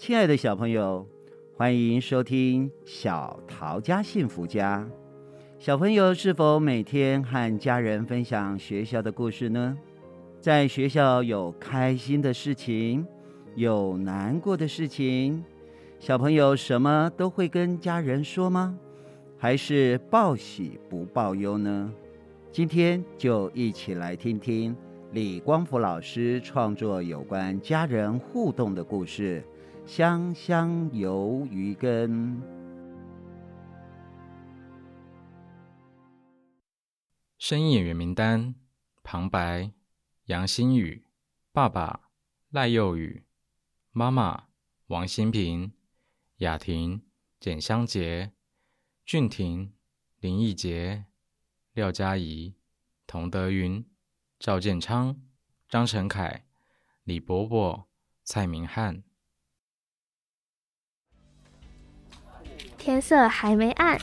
親愛的小朋友，歡迎收聽《小桃家幸福家》。小朋友是否每天和家人分享學校的故事呢？在學校有開心的事情，有難過的事情，小朋友什麼都會跟家人說嗎？還是報喜不報憂呢？今天就一起來聽聽李光福老師創作有關家人互動的故事。香香魷魚羹。聲音演員名單：旁白楊芯語，爸爸賴宥宇，媽媽王昕平，雅婷簡湘潔，俊廷、林奕頡，廖家儀，童德芸，趙建昌，張晨愷，李伯伯蔡明翰。天色還沒暗，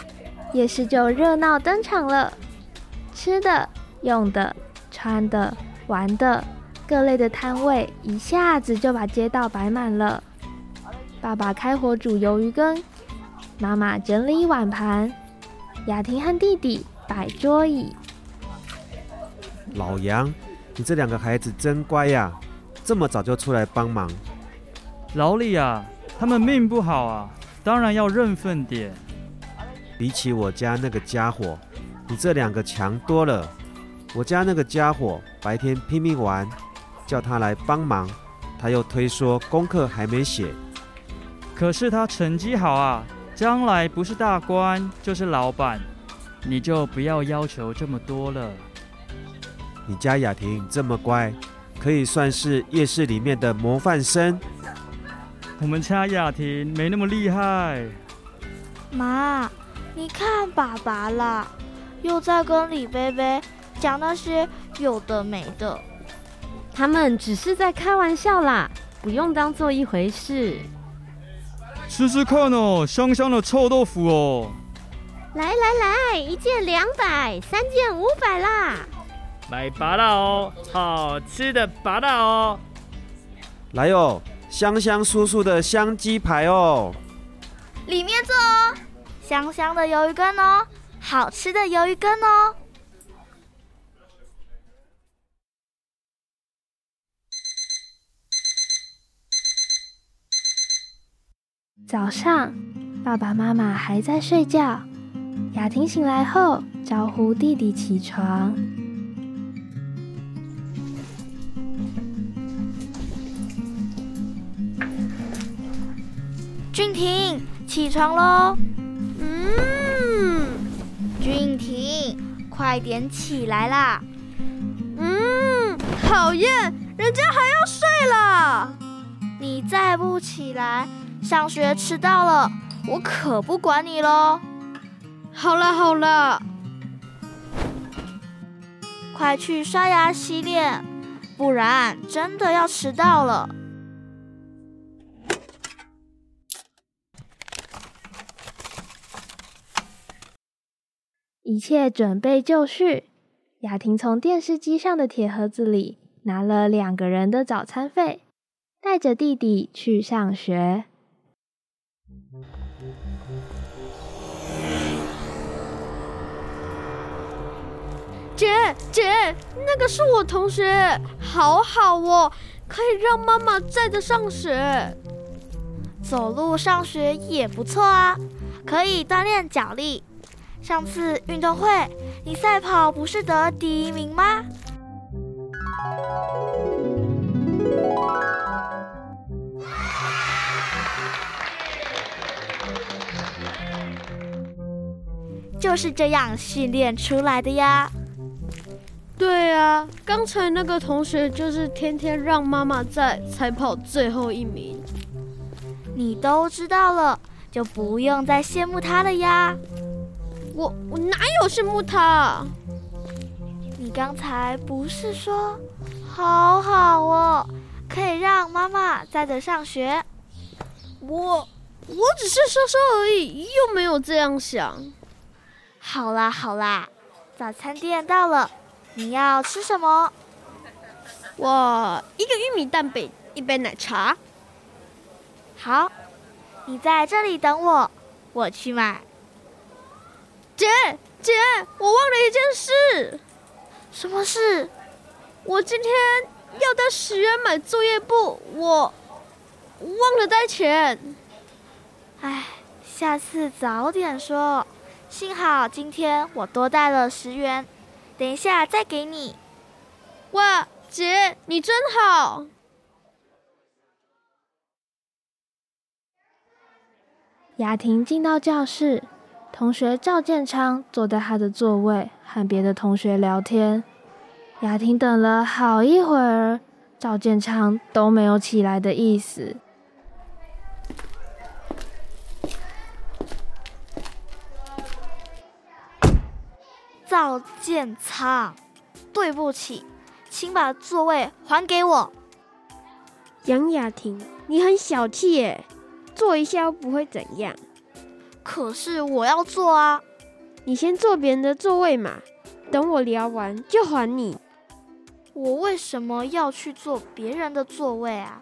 夜市就熱鬧登場了。吃的、用的、穿的、玩的，各類的攤位一下子就把街道擺滿了。爸爸開火煮魷魚羹，媽媽整理碗盤，雅婷和弟弟擺桌椅。老楊，你這兩個孩子真乖呀，啊，這麼早就出來幫忙。老李啊，他們命不好啊。當然要認分點。比起我家那個家伙，你這兩個強多了。我家那個家伙白天拼命玩，叫他來幫忙，他又推說功課還沒寫。可是他成績好啊，將來不是大官就是老闆，你就不要要求這麼多了。你家雅婷這麼乖，可以算是夜市裡面的模範生。我們家雅婷沒那麼厲害。媽，你看爸爸啦，又在跟李伯伯講那些有的沒的。他們只是在開玩笑啦，不用當做一回事。吃吃看哦、喔，香香的臭豆腐哦、喔。來來來，一件兩百，三件五百啦。買芭樂哦，好吃的芭樂哦。來哦、喔。香香酥酥的香雞排哦，裡面坐哦，香香的魷魚羹哦，好吃的魷魚羹哦。早上，爸爸媽媽還在睡覺，雅婷醒來後招呼弟弟起床。俊廷，起床嘍！嗯，俊廷，快點起來啦！嗯，討厭，人家還要睡啦！你再不起來，上學遲到了，我可不管你嘍！好了好了，快去刷牙洗臉，不然真的要遲到了。一切準備就緒，雅婷從電視機上的鐵盒子裡拿了兩個人的早餐費，帶着弟弟去上學。姐姐，那個是我同學，好好哦，可以讓媽媽載着上學。走路上學也不錯啊，可以鍛鍊腳力。上次運動會，你賽跑不是得第一名嗎？就是這樣訓練出來的呀。對呀，剛才那個同學就是天天讓媽媽在賽跑最後一名。你都知道了，就不用再羨慕他了呀。我我哪有羨慕他啊，你剛才不是說好好哦，可以讓媽媽在這上學？我我只是說說而已，又沒有這樣想。好啦好啦，早餐店到了，你要吃什麼？我一個玉米蛋餅，一杯奶茶。好，你在這裡等我，我去買。姐姐，我忘了一件事。什麼事？我今天要帶十元買作業簿，我忘了帶錢。唉，下次早點說。幸好今天我多帶了十元，等一下再給你。哇，姐，你真好。雅婷進到教室。同學趙建昌坐在他的座位，和別的同學聊天。雅婷等了好一會兒，趙建昌都沒有起來的意思。趙建昌，對不起，請把座位還給我。楊雅婷，你很小氣耶，坐一下又不會怎樣。可是我要坐啊！你先坐別人的座位嘛，等我聊完就還你。我為什麼要去坐別人的座位啊？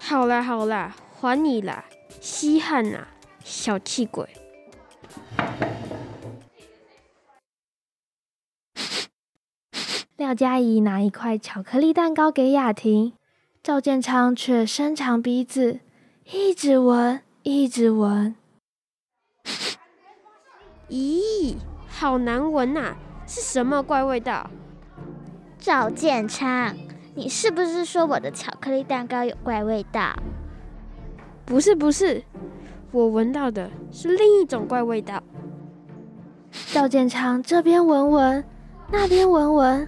好啦好啦，還你啦！稀罕啊，小氣鬼！廖家儀拿一塊巧克力蛋糕給雅婷，趙建昌卻伸長鼻子，一直聞，一直聞。咦，好難聞吶、啊，是什麼怪味道？趙建昌，你是不是說我的巧克力蛋糕有怪味道？不是不是，我聞到的是另一種怪味道。趙建昌這邊聞聞，那邊聞聞，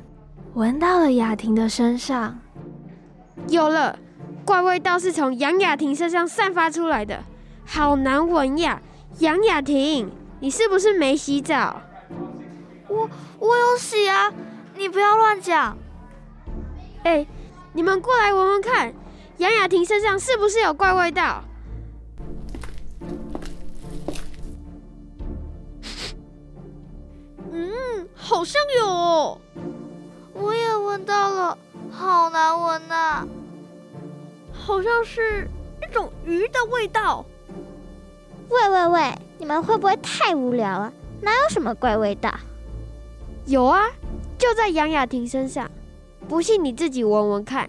聞到了雅婷的身上。有了，怪味道是從楊雅婷身上散發出來的，好難聞呀，楊雅婷。你是不是沒洗澡？我我有洗啊！你不要亂講。哎，你們過來聞聞看，楊雅婷身上是不是有怪味道？嗯，好像有哦。我也聞到了，好難聞啊！好像是一種魚的味道。喂喂喂，你們會不會太無聊了？哪有什麼怪味道？有啊，就在楊雅婷身上。不信你自己聞聞看。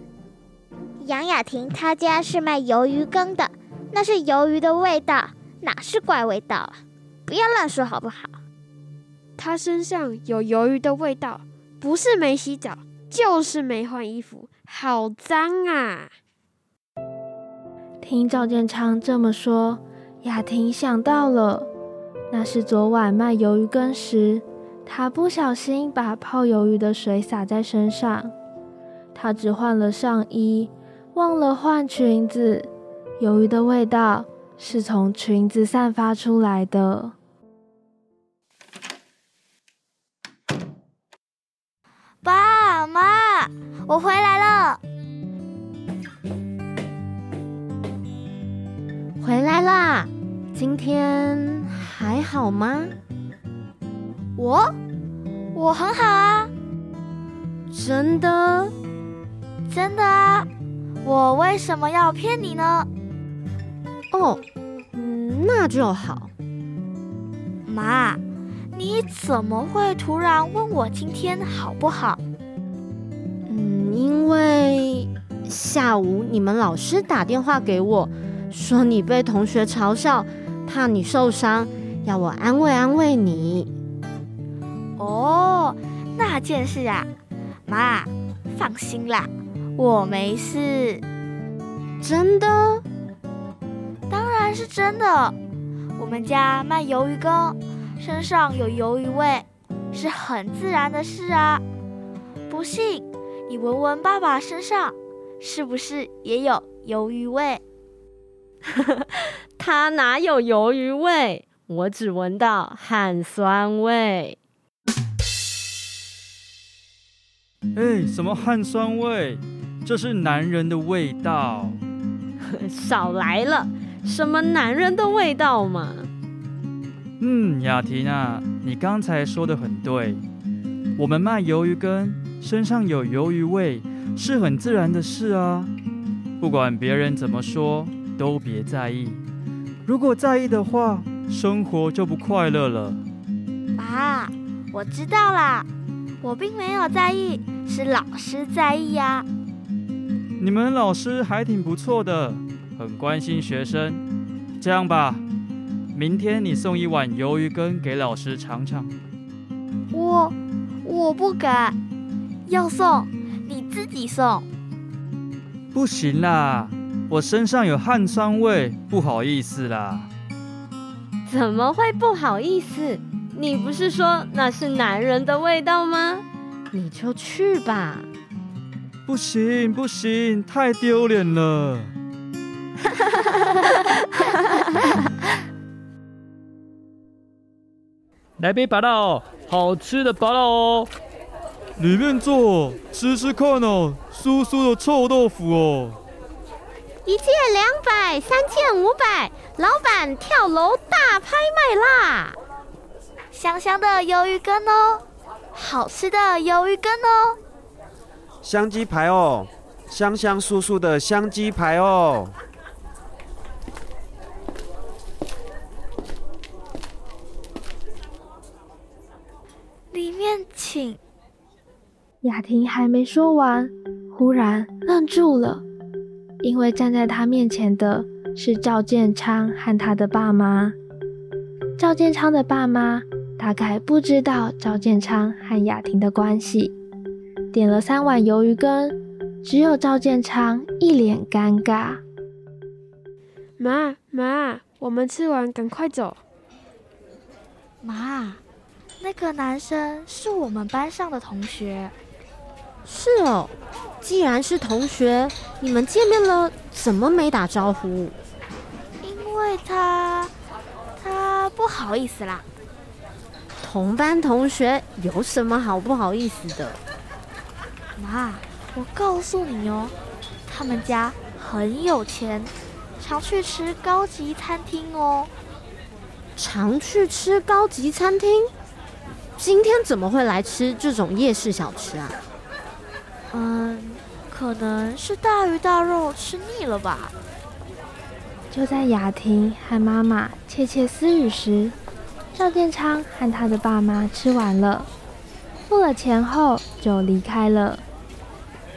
楊雅婷她家是賣魷魚羹的，那是魷魚的味道，哪是怪味道啊？不要亂說好不好？她身上有魷魚的味道，不是沒洗澡，就是沒換衣服，好髒啊！聽趙建昌這麼說。雅婷想到了，那是昨晚賣魷魚羹時，她不小心把泡魷魚的水灑在身上。她只換了上衣，忘了換裙子。魷魚的味道是從裙子散發出來的。爸媽，我回來了，回來啦！今天還好嗎？我我很好啊。真的？真的啊，我為什麼要騙你呢？哦。嗯，那就好。媽，你怎麼會突然問我今天好不好？嗯，因為下午你們老師打電話給我，說你被同學嘲笑。怕你受傷，要我安慰安慰你。哦，那件事啊，媽，放心啦，我沒事。真的？當然是真的。我們家賣魷魚羹，身上有魷魚味，是很自然的事啊。不信，你聞聞爸爸身上，是不是也有魷魚味？ 他哪有魷魚味？我只聞到汗酸味。哎、欸，什麼汗酸味？這是男人的味道。 少來了，什麼男人的味道嘛？嗯，雅婷啊，你剛才說得很對。我們賣魷魚羹，身上有魷魚味，是很自然的事啊。不管別人怎麼說，都別在意。如果在意的話，生活就不快樂了。媽，我知道啦，我並沒有在意，是老師在意啊。你們老師還挺不錯的，很關心學生。這樣吧，明天你送一碗魷魚羹給老師嘗嘗。我我不敢，要送你自己送。不行啦。我身上有汗酸味，不好意思啦。怎麼會不好意思？你不是說那是男人的味道嗎？你就去吧。不行不行，太丟臉了。哈哈哈哈哈哈哈哈哈哈！來杯芭樂，好吃的芭樂哦。裡面坐，吃吃看哦，酥酥的臭豆腐哦。一件兩百，三件五百，老板跳樓大拍賣啦！香香的魷魚羹哦，好吃的魷魚羹哦，香雞排哦，香香酥酥的香雞排哦。裡面請。雅婷還沒說完，忽然愣住了。因為站在他面前的是趙建昌和他的爸媽。趙建昌的爸媽大概不知道趙建昌和雅婷的關係，點了三碗魷魚羹，只有趙建昌一臉尷尬。媽媽，我們吃完趕快走。媽，那個男生是我們班上的同學。是哦，既然是同學，你們見面了怎麼沒打招呼？因為他，他不好意思啦。同班同學有什麼好不好意思的？媽，我告訴你哦，他們家很有錢，常去吃高級餐廳哦。常去吃高級餐廳？今天怎麼會來吃這種夜市小吃啊？嗯，可能是大魚大肉吃膩了吧。就在雅婷和媽媽竊竊私語時，趙建昌和他的爸媽吃完了，付了錢後就離開了。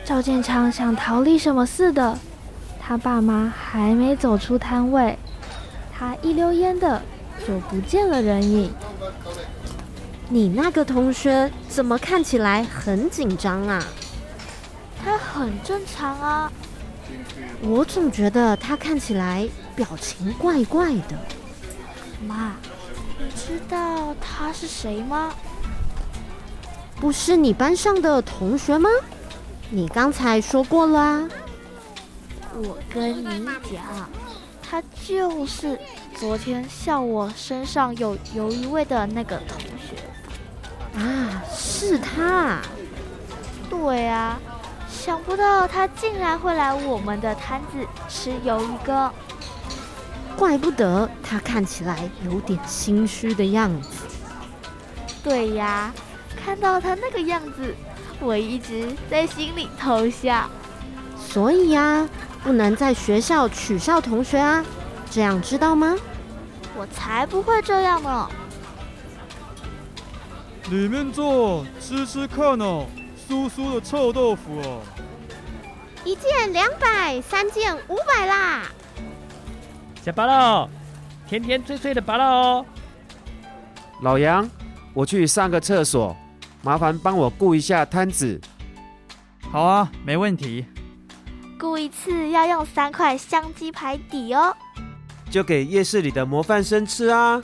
趙建昌想逃離什麼似的，他爸媽還沒走出攤位，他一溜煙的就不見了人影。你那個同學怎麼看起來很緊張啊？他很正常啊，我總覺得他看起來表情怪怪的。媽，你知道他是誰嗎？不是你班上的同學嗎？你剛才說過了啊。我跟你講，他就是昨天笑我身上有魷魚味的那個同學。啊，是他。對啊。想不到他竟然會來我們的攤子吃魷魚羹，怪不得他看起來有點心虛的樣子。對呀，看到他那個樣子，我一直在心裡偷笑。所以呀、啊，不能在學校取笑同學啊，這樣知道嗎？我才不會這樣呢。裡面坐，吃吃看呢、哦。酥酥的臭豆腐哦，一件兩百，三件五百啦。小芭樂，甜甜脆脆的芭樂哦。老楊，我去上個廁所，麻煩幫我顧一下攤子。好啊，沒問題。顧一次要用三塊香雞排抵哦。就給夜市裡的模範生吃啊。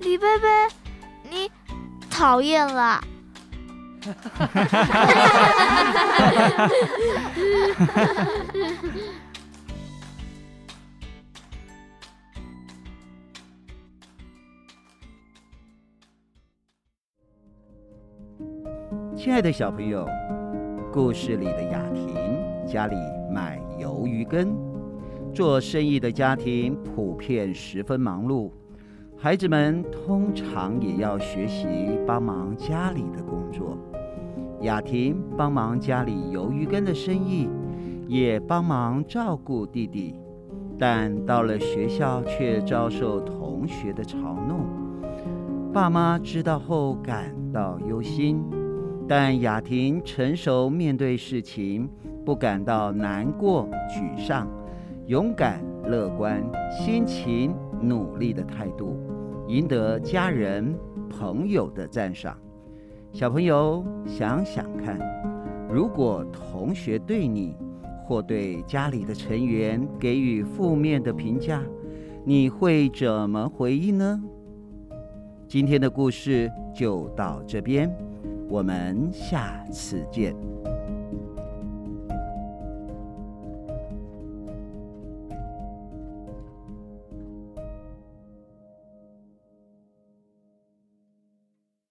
李伯伯，你討厭啦哈哈哈哈哈！哈，親愛的，小朋友，故事裡的雅婷家裡賣魷魚羹，做生意的家庭普遍十分忙碌。孩子們通常也要學習幫忙家裡的工作。雅婷幫忙家裡魷魚羹的生意，也幫忙照顧弟弟，但到了學校卻遭受同學的嘲弄。爸媽知道後感到憂心，但雅婷成熟面對事情，不感到難過、沮喪，勇敢、樂觀、辛勤，努力的態度，贏得家人、朋友的讚賞。小朋友，想想看，如果同學對你或對家裡的成員給予負面的評價，你會怎麼回應呢？今天的故事就到這邊，我們下次見。